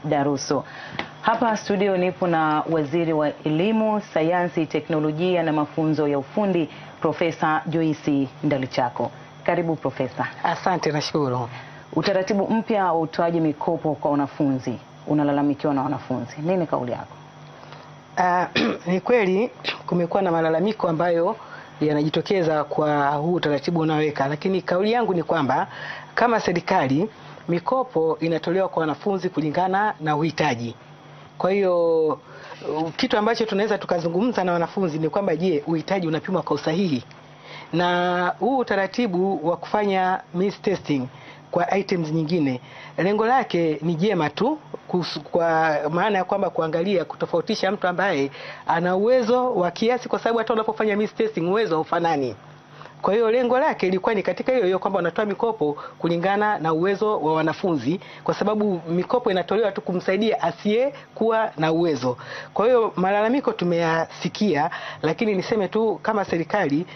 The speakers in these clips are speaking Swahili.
Daruso. Hapa studio nipo na Waziri wa Elimu, Sayansi, Teknolojia na Mafunzo ya Ufundi, Profesa Joyce Ndalichako. Karibu Profesa. Asante, nashukuru. Utaratibu mpya wa utoaji mikopo kwa wanafunzi unalalamikiwa na wanafunzi, nini kauli yako? Uh, ni kweli kumekuwa na malalamiko ambayo yanajitokeza kwa huu utaratibu unaoweka, lakini kauli yangu ni kwamba kama serikali mikopo inatolewa kwa wanafunzi kulingana na uhitaji. Kwa hiyo kitu ambacho tunaweza tukazungumza na wanafunzi ni kwamba, je, uhitaji unapimwa kwa usahihi? Na huu utaratibu wa kufanya means testing kwa items nyingine lengo lake ni jema tu, kwa maana ya kwamba kuangalia kutofautisha mtu ambaye ana uwezo wa kiasi, kwa sababu hata unapofanya means testing uwezo haufanani. Kwa hiyo lengo lake ilikuwa ni katika hiyo hiyo kwamba wanatoa mikopo kulingana na uwezo wa wanafunzi, kwa sababu mikopo inatolewa tu kumsaidia asiyekuwa na uwezo. Kwa hiyo malalamiko tumeyasikia, lakini niseme tu kama serikali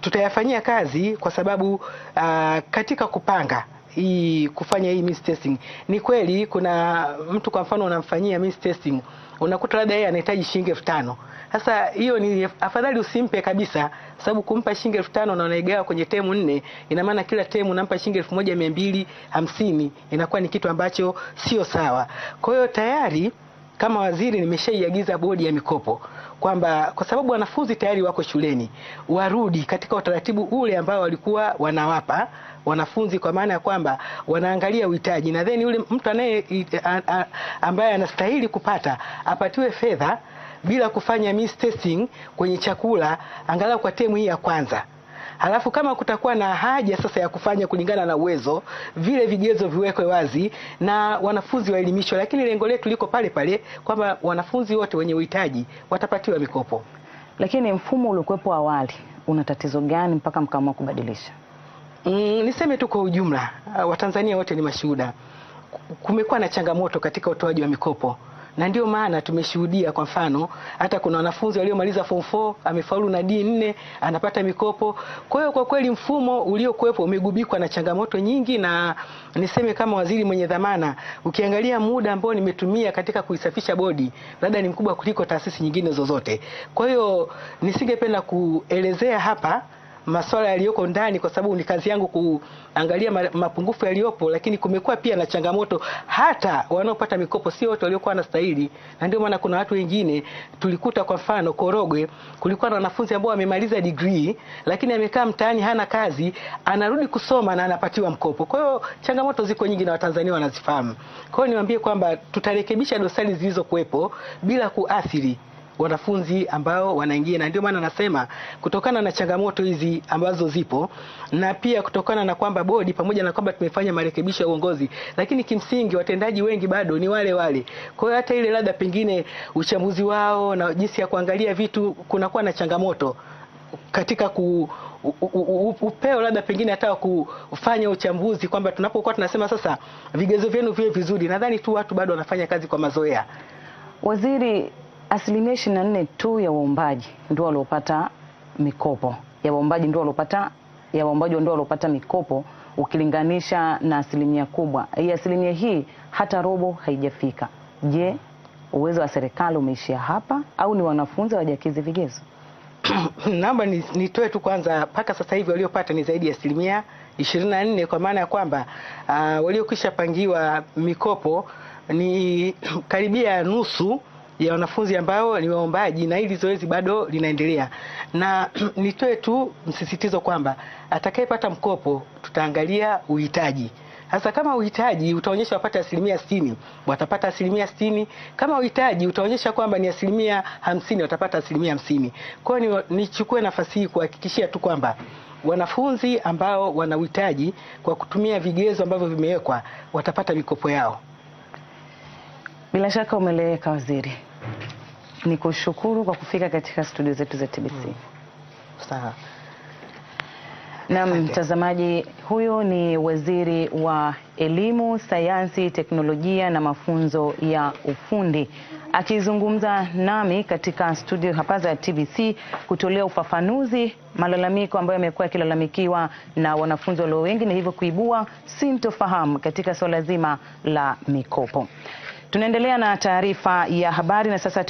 tutayafanyia kazi, kwa sababu uh, katika kupanga hii kufanya hii miss testing. Ni kweli kuna mtu kwa mfano unamfanyia miss testing, unakuta labda yeye anahitaji shilingi elfu tano. Sasa hiyo ni afadhali usimpe kabisa, sababu kumpa shilingi elfu tano na unaigawa kwenye temu nne, ina maana kila temu unampa shilingi elfu moja mia mbili hamsini inakuwa ni kitu ambacho sio sawa. Kwa hiyo tayari kama waziri nimeshaiagiza bodi ya mikopo kwamba kwa sababu wanafunzi tayari wako shuleni warudi katika utaratibu ule ambao walikuwa wanawapa wanafunzi kwa maana ya kwamba wanaangalia uhitaji na then yule mtu anaye ambaye anastahili kupata apatiwe fedha bila kufanya mistesting kwenye chakula angalau kwa temu hii ya kwanza. Halafu kama kutakuwa na haja sasa ya kufanya kulingana na uwezo, vile vigezo viwekwe wazi na wanafunzi waelimishwe, lakini lengo letu liko pale pale kwamba wanafunzi wote wenye uhitaji watapatiwa mikopo. Lakini mfumo uliokuwepo awali una tatizo gani mpaka mkaamua kubadilisha? Mm, niseme tu kwa ujumla, uh, Watanzania wote ni mashuhuda, kumekuwa na changamoto katika utoaji wa mikopo na ndio maana tumeshuhudia kwa mfano hata kuna wanafunzi waliomaliza form 4 amefaulu na D4 anapata mikopo. Kwa hiyo kwa kweli mfumo uliokuwepo umegubikwa na changamoto nyingi, na niseme kama waziri mwenye dhamana, ukiangalia muda ambao nimetumia katika kuisafisha bodi labda ni mkubwa kuliko taasisi nyingine zozote. Kwa hiyo nisingependa kuelezea hapa masuala yaliyoko ndani, kwa sababu ni kazi yangu kuangalia mapungufu yaliyopo, lakini kumekuwa pia na changamoto. Hata wanaopata mikopo sio wote waliokuwa wanastahili, na ndio maana kuna watu wengine tulikuta, kwa mfano Korogwe, kulikuwa na wanafunzi ambao wamemaliza degree, lakini amekaa mtaani, hana kazi, anarudi kusoma na anapatiwa mkopo. Kwa hiyo changamoto ziko nyingi na Watanzania wanazifahamu. Kwa hiyo niwaambie kwamba tutarekebisha dosari zilizokuwepo bila kuathiri wanafunzi ambao wanaingia, na ndio maana nasema kutokana na changamoto hizi ambazo zipo na pia kutokana na kwamba bodi, pamoja na kwamba tumefanya marekebisho ya uongozi, lakini kimsingi watendaji wengi bado ni wale wale. Kwa hiyo hata ile labda pengine uchambuzi wao na jinsi ya kuangalia vitu kunakuwa na changamoto katika ku upeo labda pengine hata kufanya uchambuzi kwamba tunapokuwa tunasema sasa vigezo vyenu viwe vizuri, nadhani tu watu bado wanafanya kazi kwa mazoea. Waziri asilimia 24 tu ya waombaji ndio waliopata mikopo ya waombaji ndio waliopata ya waombaji ndio waliopata mikopo ukilinganisha na asilimia kubwa hii. Asilimia hii hata robo haijafika. Je, uwezo wa serikali umeishia hapa au ni wanafunzi hawajakidhi vigezo? Naomba nitoe tu kwanza, mpaka sasa hivi waliopata ni zaidi ya asilimia ishirini na nne, kwa maana ya kwamba uh, waliokwisha pangiwa mikopo ni karibia nusu ya wanafunzi ambao ni waombaji, na hili zoezi bado linaendelea, na nitoe tu msisitizo kwamba atakayepata mkopo tutaangalia uhitaji sasa kama uhitaji utaonyesha wapate asilimia sitini watapata asilimia sitini Kama uhitaji utaonyesha kwamba ni asilimia hamsini watapata asilimia hamsini Kwa hiyo nichukue nafasi hii kuhakikishia tu kwamba wanafunzi ambao wana uhitaji kwa kutumia vigezo ambavyo vimewekwa watapata mikopo yao. Bila shaka umeleweka waziri, nikushukuru kwa kufika katika studio zetu za TBC. Hmm. Sawa. Na mtazamaji, huyo ni waziri wa elimu, sayansi, teknolojia na mafunzo ya ufundi akizungumza nami katika studio hapa za TBC kutolea ufafanuzi malalamiko ambayo yamekuwa yakilalamikiwa na wanafunzi walio wengi, na hivyo kuibua sintofahamu katika suala zima la mikopo. Tunaendelea na taarifa ya habari na sasa